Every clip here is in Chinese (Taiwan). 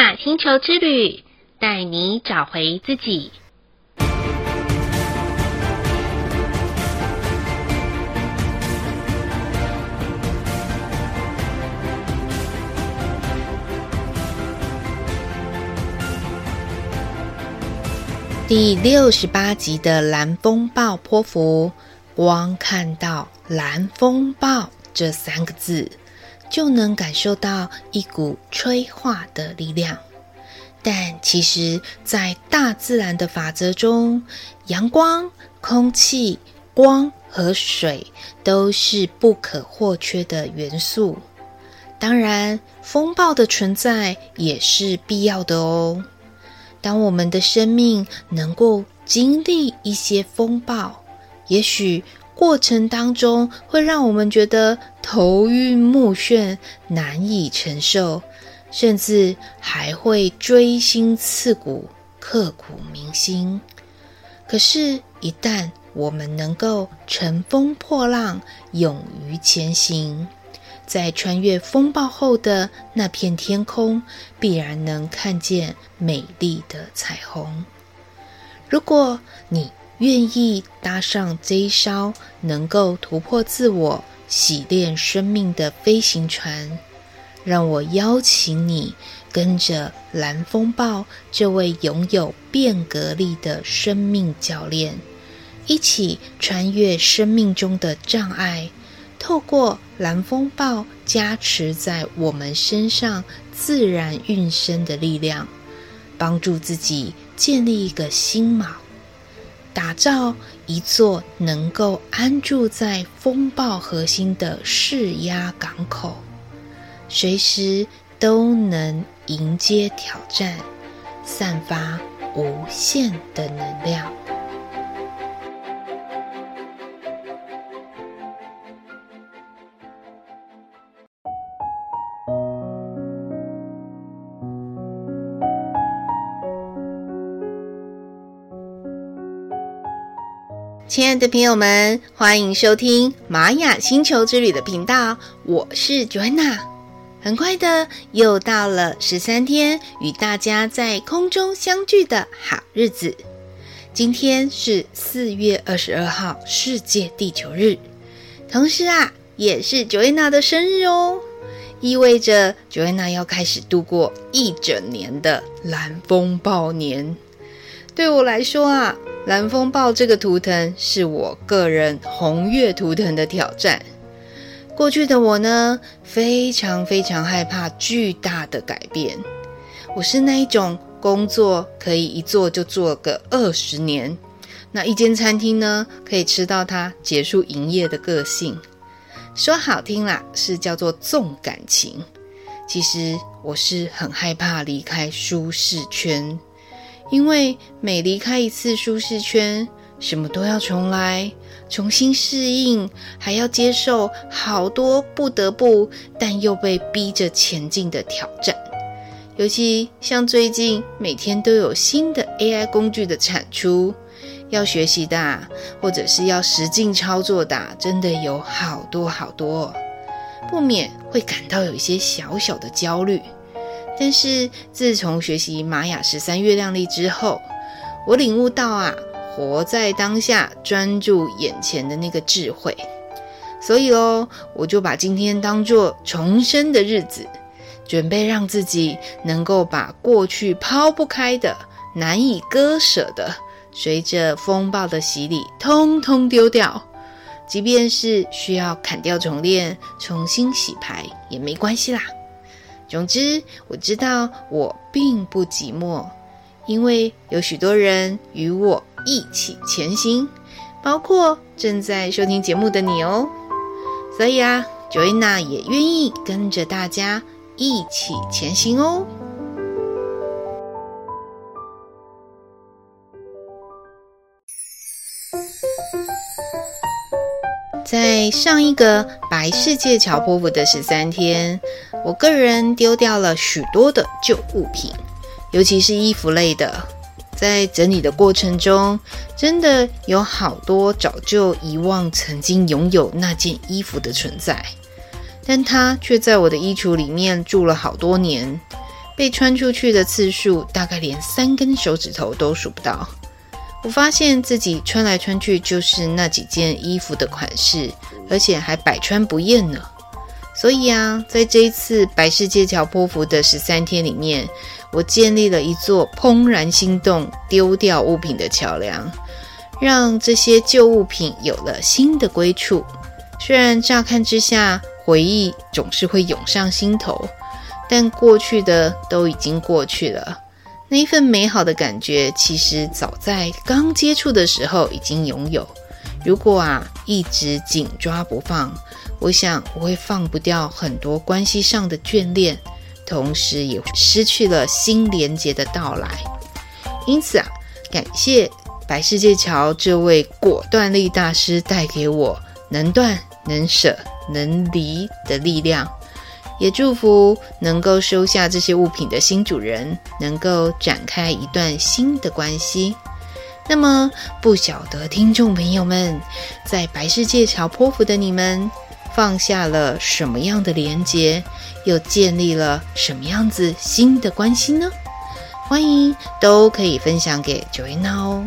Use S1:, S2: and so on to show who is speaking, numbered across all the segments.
S1: 《馬雅星球之旅》帶你找回自己。第六十八集的“藍風暴波符”，光看到“藍風暴”這三個字，就能感受到一股催化的力量，但其實，在大自然的法則中，陽光、空氣、光和水都是不可或缺的元素。當然，風暴的存在也是必要的哦。當我們的生命能夠經歷一些風暴，也許……過程當中會讓我們覺得頭暈目眩、難以承受，甚至還會錐心刺骨、刻骨銘心。可是，一旦我們能夠乘風破浪、勇於前行，在穿越風暴後的那片天空，必然能看見美麗的彩虹。如果你，願意搭上這一艘能夠突破自我、洗練生命的飛行船，讓我邀請你跟着藍風暴這位擁有變革力的生命教練，一起穿越生命中的障礙，透過藍風暴加持在我們身上自然運生的力量，幫助自己建立一個心錨。打造一座能夠安住在風暴核心的釋壓港口，隨時都能迎接挑戰，散發無限的能量。親愛的朋友們，歡迎收聽《瑪雅星球之旅》的頻道，我是 Joanna。很快的，又到了十三天與大家在空中相聚的好日子。今天是四月二十二號，世界地球日，同時啊，也是 Joanna 的生日哦，意味着 Joanna 要開始度過一整年的藍風暴年。對我來說啊，藍風暴這個圖騰是我個人紅月圖騰的挑戰。過去的我呢，非常非常害怕巨大的改變。我是那一種工作可以一做就做個二十年，那一間餐廳呢，可以吃到它結束營業的個性。說好聽啦，是叫做重感情。其實我是很害怕離開舒適圈。因為每離開一次舒適圈，什麼都要重來，重新適應，還要接受好多不得不但又被逼着前進的挑戰。尤其像最近每天都有新的 AI 工具的產出，要學習的、啊、或者是要實境操作的、啊，真的有好多好多，不免會感到有一些小小的焦慮。但是自從學習瑪雅十三月亮曆之後，我領悟到啊，活在當下，專注眼前的那個智慧。所以哦，我就把今天當作重生的日子，準備讓自己能夠把過去拋不開的、難以割捨的，隨着風暴的洗禮，通通丟掉。即便是需要砍掉重練、重新洗牌，也沒關係啦。總之，我知道我並不寂寞，因為有許多人與我一起前行，包括正在收聽節目的你哦。所以啊，Joanna 也願意跟着大家一起前行哦。在上一個白世界橋波符的十三天，我個人丟掉了許多的舊物品，尤其是衣服類的。在整理的過程中，真的有好多早就遺忘曾經擁有那件衣服的存在，但它卻在我的衣櫥裡面住了好多年，被穿出去的次數大概連三根手指頭都數不到。我發現自己穿來穿去就是那幾件衣服的款式，而且還百穿不厭呢。所以啊，在這一次白世界橋波符的十三天裡面，我建立了一座怦然心動丟掉物品的橋梁，讓這些舊物品有了新的歸處。雖然乍看之下，回憶總是會湧上心頭，但過去的都已經過去了。那一份美好的感覺，其實早在剛接觸的時候已經擁有。如果啊一直緊抓不放，我想我會放不掉很多關係上的眷戀，同時也失去了新連結的到來。因此啊，感謝白世界橋這位果斷力大師帶給我能斷、能捨、能離的力量。也祝福能夠收下這些物品的新主人，能夠展開一段新的關係。那麼，不曉得聽眾朋友們，在白世界橋波符的你們，放下了什麼樣的連結，又建立了什麼樣子新的關係呢？歡迎都可以分享給 Joanna 哦。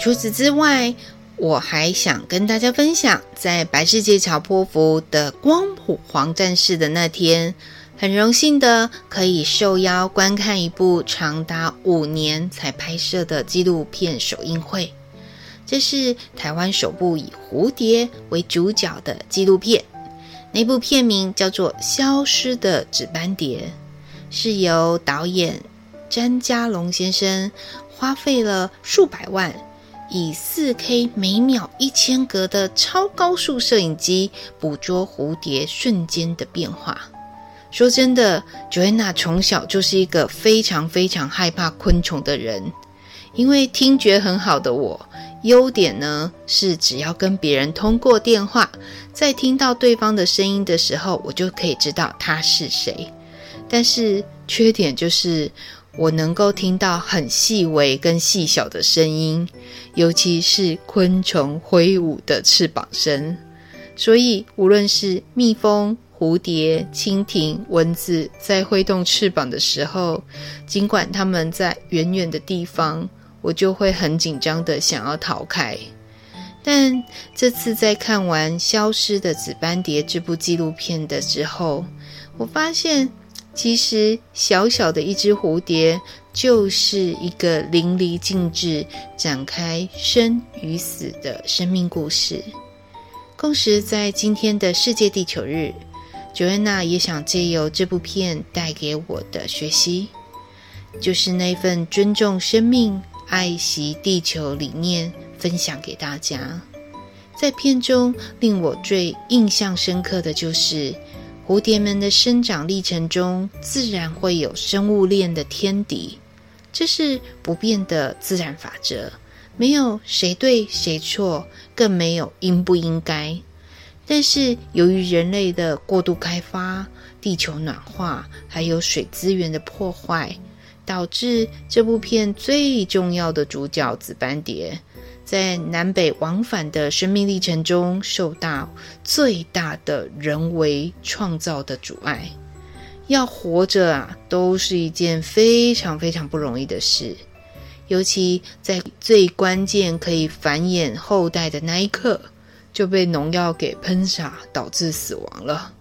S1: 除此之外，我還想跟大家分享，在白世界橋波符的光譜黃戰士的那天，很榮幸的可以受邀觀看一部長達五年才拍攝的紀錄片首映會。這是台灣首部以蝴蝶為主角的紀錄片，那部片名叫做《消失的紫斑蝶》，是由導演詹家龍先生花費了數百萬。以四 K 每秒一千格的超高速攝影機捕捉蝴蝶瞬間的變化。說真的，Joanna 從小就是一個非常非常害怕昆蟲的人。因為聽覺很好的我，優點呢是只要跟別人通過電話，在聽到對方的聲音的時候，我就可以知道他是誰。但是缺點就是。我能夠聽到很細微跟細小的聲音，尤其是昆蟲揮舞的翅膀聲。所以，無論是蜜蜂、蝴蝶、蜻蜓、蚊子在揮動翅膀的時候，儘管它們在遠遠的地方，我就會很緊張的想要逃開。但這次在看完《消失的紫斑蝶》這部紀錄片的時候，我發現。其實，小小的一隻蝴蝶，就是一個淋漓盡致展開生與死的生命故事。同時在今天的世界地球日，Joanna 也想借由這部片帶給我的學習，就是那份尊重生命、愛惜地球理念，分享給大家。在片中，令我最印象深刻的就是。蝴蝶們的生長歷程中，自然會有生物鏈的天敵，這是不變的自然法則，沒有誰對誰錯，更沒有應不應該。但是，由於人類的過度開發、地球暖化，還有水資源的破壞，導致這部片最重要的主角紫斑蝶。在南北往返的生命歷程中，受到最大的人為創造的阻礙，要活着啊，都是一件非常非常不容易的事。尤其在最關鍵可以繁衍後代的那一刻，就被農藥給噴灑，導致死亡了，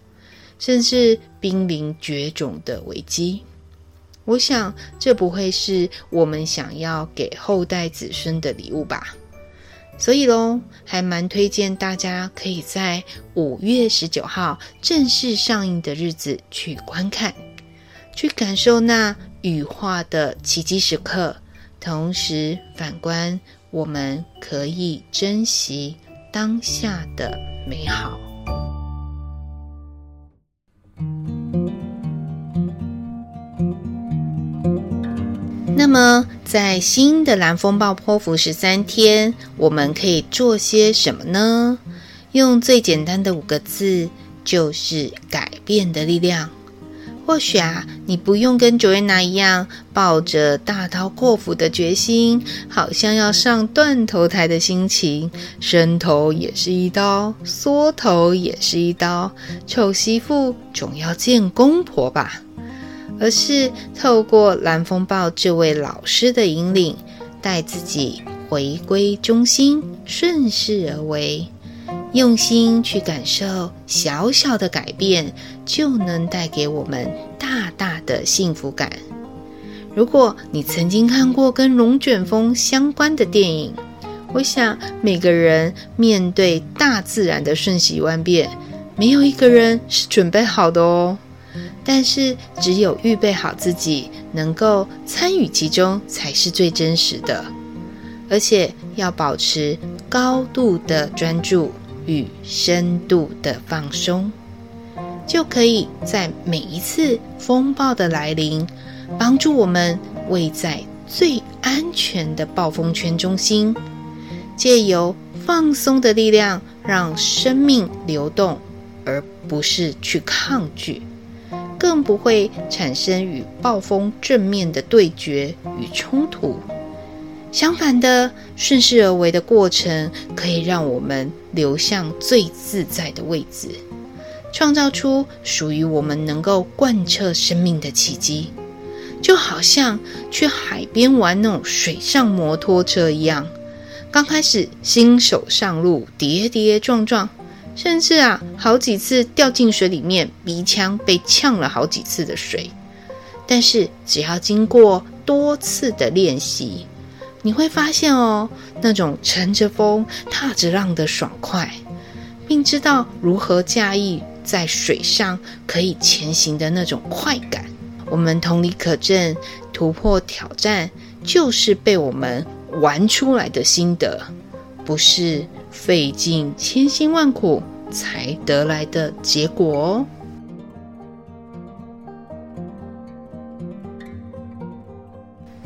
S1: 甚至瀕臨絕種的危機。我想，這不會是我們想要給後代子孫的禮物吧？所以嘍，還蠻推薦大家可以在五月十九號正式上映的日子去觀看，去感受那羽化的奇蹟時刻。同時，反觀我們可以珍惜當下的美好。那麼，在新的藍風暴波符十三天，我們可以做些什麼呢？用最簡單的五個字，就是改變的力量。或許啊，你不用跟 Joanna 一樣，抱着大刀闊斧的決心，好像要上斷頭台的心情，伸頭也是一刀，縮頭也是一刀，醜媳婦總要見公婆吧。而是透過藍風暴這位老師的引領，帶自己回歸中心，順勢而為，用心去感受小小的改變，就能帶給我們大大的幸福感。如果你曾經看過跟龍捲風相關的電影，我想每個人面對大自然的瞬息萬變，沒有一個人是準備好的哦。但是，只有預備好自己，能夠參與其中才是最真實的。而且，要保持高度的專注與深度的放鬆，就可以在每一次風暴的來臨，幫助我們位在最安全的暴風圈中心。借由放鬆的力量，讓生命流動，而不是去抗拒。更不會產生與暴風正面的對決與衝突，相反的，順勢而為的過程，可以讓我們流向最自在的位置，創造出屬於我們能夠貫徹生命的奇蹟。就好像去海邊玩那種水上摩托車一樣，剛開始新手上路，跌跌撞撞，甚至啊，好幾次掉進水裡面，鼻腔被嗆了好幾次的水。但是只要經過多次的練習，你會發現哦，那種乘着風、踏着浪的爽快，並知道如何駕馭在水上可以前行的那種快感。我們同理可證，突破挑戰就是被我們玩出來的心得，不是？費盡千辛萬苦才得來的結果哦。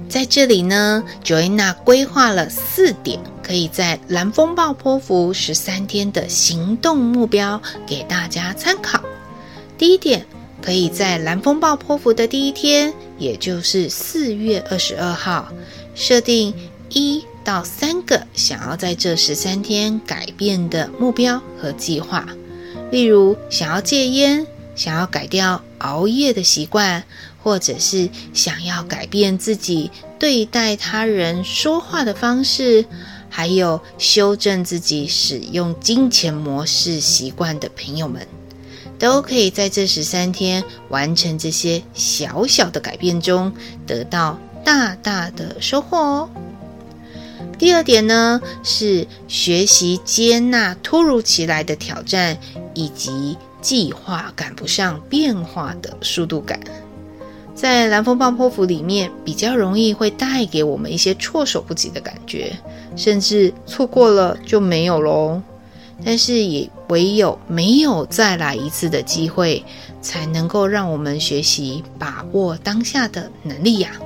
S1: 在這裡呢，Joanna 規劃了四點可以在藍風暴波符十三天的行動目標給大家參考。第一點，可以在藍風暴波符的第一天，也就是四月二十二號，設定一到三個想要在這十三天改變的目標和計劃，例如想要戒煙、想要改掉熬夜的習慣，或者是想要改變自己對待他人說話的方式，還有修正自己使用金錢模式習慣的朋友們，都可以在這十三天完成這些小小的改變中得到大大的收穫哦。第二點呢，是學習接納突如其來的挑戰，以及計劃趕不上變化的速度感。在藍風暴波符裡面，比較容易會帶給我們一些措手不及的感覺，甚至錯過了就沒有嘍。但是也唯有沒有再來一次的機會，才能夠讓我們學習把握當下的能力呀、啊。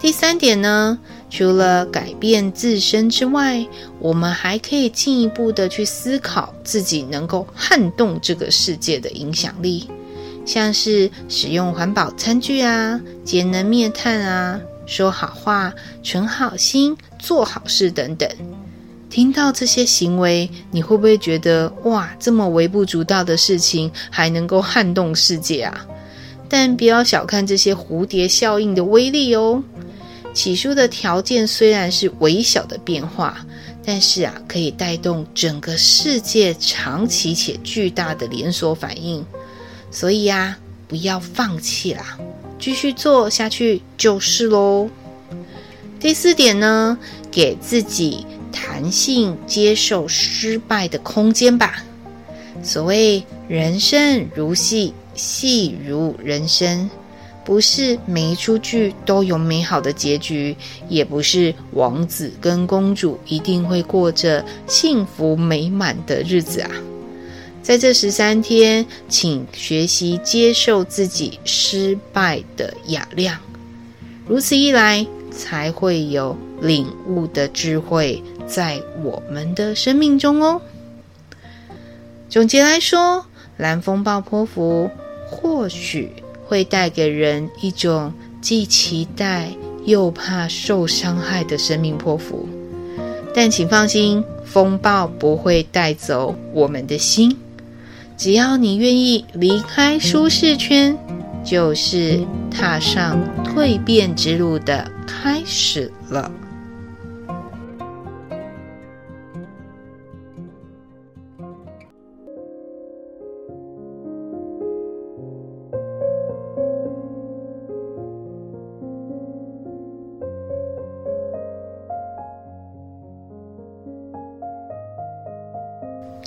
S1: 第三點呢，除了改變自身之外，我們還可以進一步的去思考自己能夠撼動這個世界的影響力，像是使用環保餐具啊、節能滅碳啊、說好話、存好心、做好事等等。聽到這些行為，你會不會覺得哇，這麼微不足道的事情還能夠撼動世界啊？但不要小看這些蝴蝶效應的威力哦。起初的條件雖然是微小的變化，但是啊，可以帶動整個世界長期且巨大的連鎖反應。所以啊，不要放棄啦，繼續做下去就是嘍。第四點呢，給自己彈性接受失敗的空間吧。所謂人生如戲，戲如人生。不是每一齣劇都有美好的結局，也不是王子跟公主一定會過着幸福美滿的日子啊。在這十三天，請學習接受自己失敗的雅量，如此一來，才會有領悟的智慧在我們的生命中哦。總結來說，藍風暴波符或許會帶給人一種既期待又怕受傷害的生命波符，但請放心，風暴不會帶走我們的心。只要你願意離開舒適圈，就是踏上蛻變之路的開始了。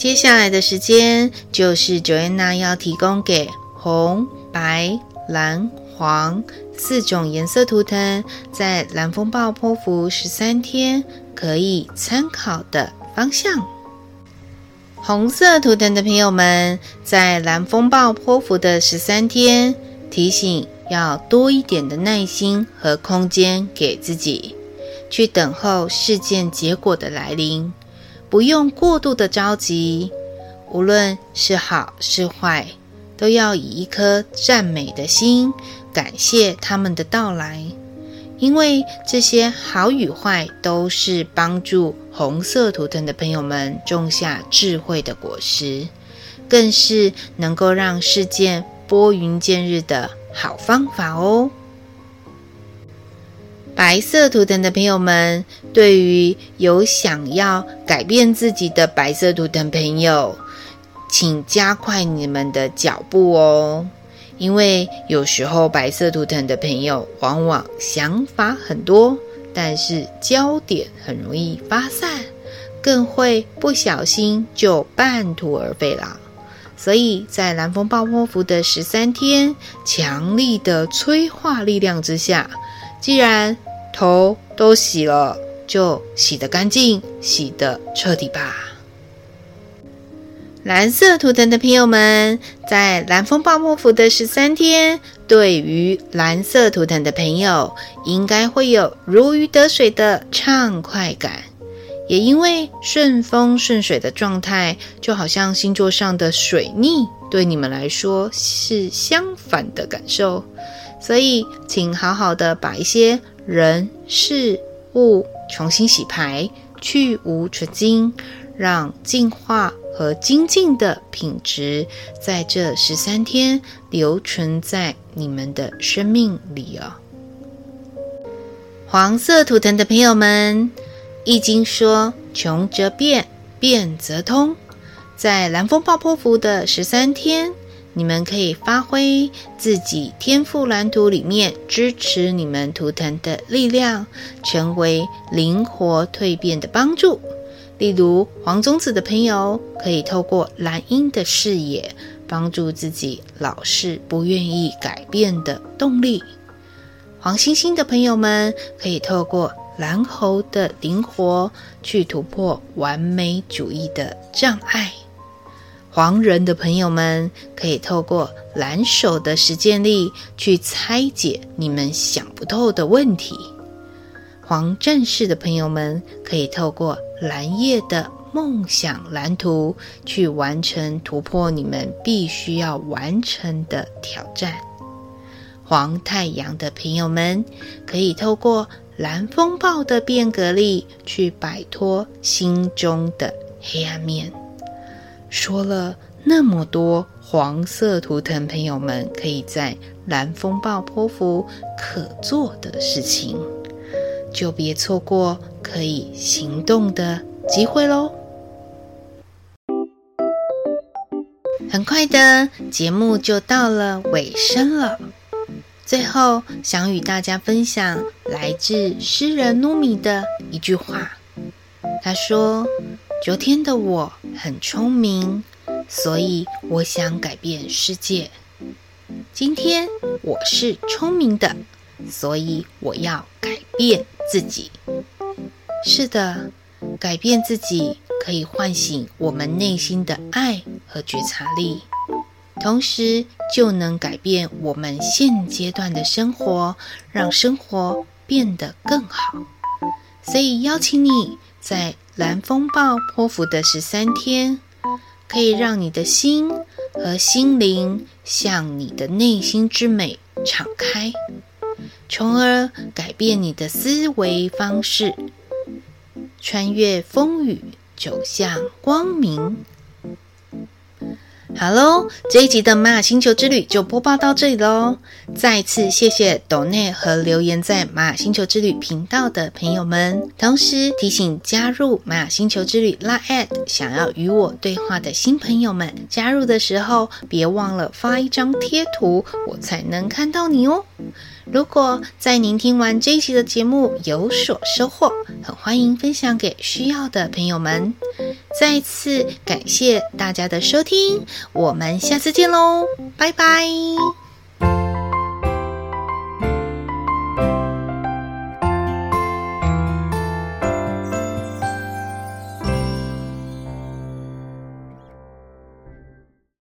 S1: 接下來的時間就是 Joanna 要提供給紅、白、藍、黃四種顏色圖騰，在藍風暴波符十三天可以參考的方向。紅色圖騰的朋友們，在藍風暴波符的十三天，提醒要多一點的耐心和空間給自己，去等候事件結果的來臨。不用過度的着急，無論是好是壞，都要以一顆讚美的心感謝他們的到來，因為這些好與壞都是幫助紅色圖騰的朋友們種下智慧的果實，更是能夠讓世界撥雲見日的好方法哦。白色圖騰的朋友們，對於有想要改變自己的白色圖騰朋友，請加快你們的腳步哦！因為有時候白色圖騰的朋友往往想法很多，但是焦點很容易發散，更會不小心就半途而廢了。所以在藍風暴波符的十三天，強力的催化力量之下，既然頭都洗了，就洗得乾淨，洗得徹底吧。藍色圖騰的朋友們，在藍風暴波符的十三天，對於藍色圖騰的朋友，應該會有如魚得水的暢快感。也因為順風順水的狀態，就好像星座上的水逆，對你們來說是相反的感受。所以，請好好的把一些人事物重新洗牌，去蕪存菁，讓淨化和精進的品質在這十三天留存在你們的生命裡哦。黃色圖騰的朋友們，《易經》說：“窮則變，變則通。”在藍風暴波符的十三天。你們可以發揮自己天賦藍圖裡面支持你們圖騰的力量，成為靈活蛻變的幫助。例如，黃種子的朋友可以透過藍鷹的視野，幫助自己老是不願意改變的動力；黃星星的朋友們可以透過藍猴的靈活，去突破完美主義的障礙。黃人的朋友們可以透過藍手的實踐力去拆解你們想不透的問題；黃戰士的朋友們可以透過藍夜的夢想藍圖去完成突破你們必須要完成的挑戰；黃太陽的朋友們可以透過藍風暴的變革力去擺脫心中的黑暗面。說了那麼多黃色圖騰朋友們可以在藍風暴波符可做的事情，就別錯過可以行動的機會嘍。很快的節目就到了尾聲了，最後想與大家分享來自詩人糯米的一句話。他說：“昨天的我。”很聰明，所以我想改變世界。今天我是聰明的，所以我要改變自己。是的，改變自己可以喚醒我們內心的愛和覺察力，同時就能改變我們現階段的生活，讓生活變得更好。所以邀請你在，藍風暴波符的十三天，可以讓你的心和心靈向你的內心之美敞開，從而改變你的思維方式，穿越風雨，走向光明。好嘍，Hello? 這一集的瑪雅星球之旅就播報到這裡嘍。再一次謝謝豆內和留言在瑪雅星球之旅頻道的朋友們，同時提醒加入瑪雅星球之旅拉 at 想要與我對話的新朋友們，加入的時候別忘了發一張貼圖，我才能看到你哦。如果在您聽完這一集的節目有所收穫，很歡迎分享給需要的朋友們。再一次感謝大家的收聽，我們下次見嘍，拜拜。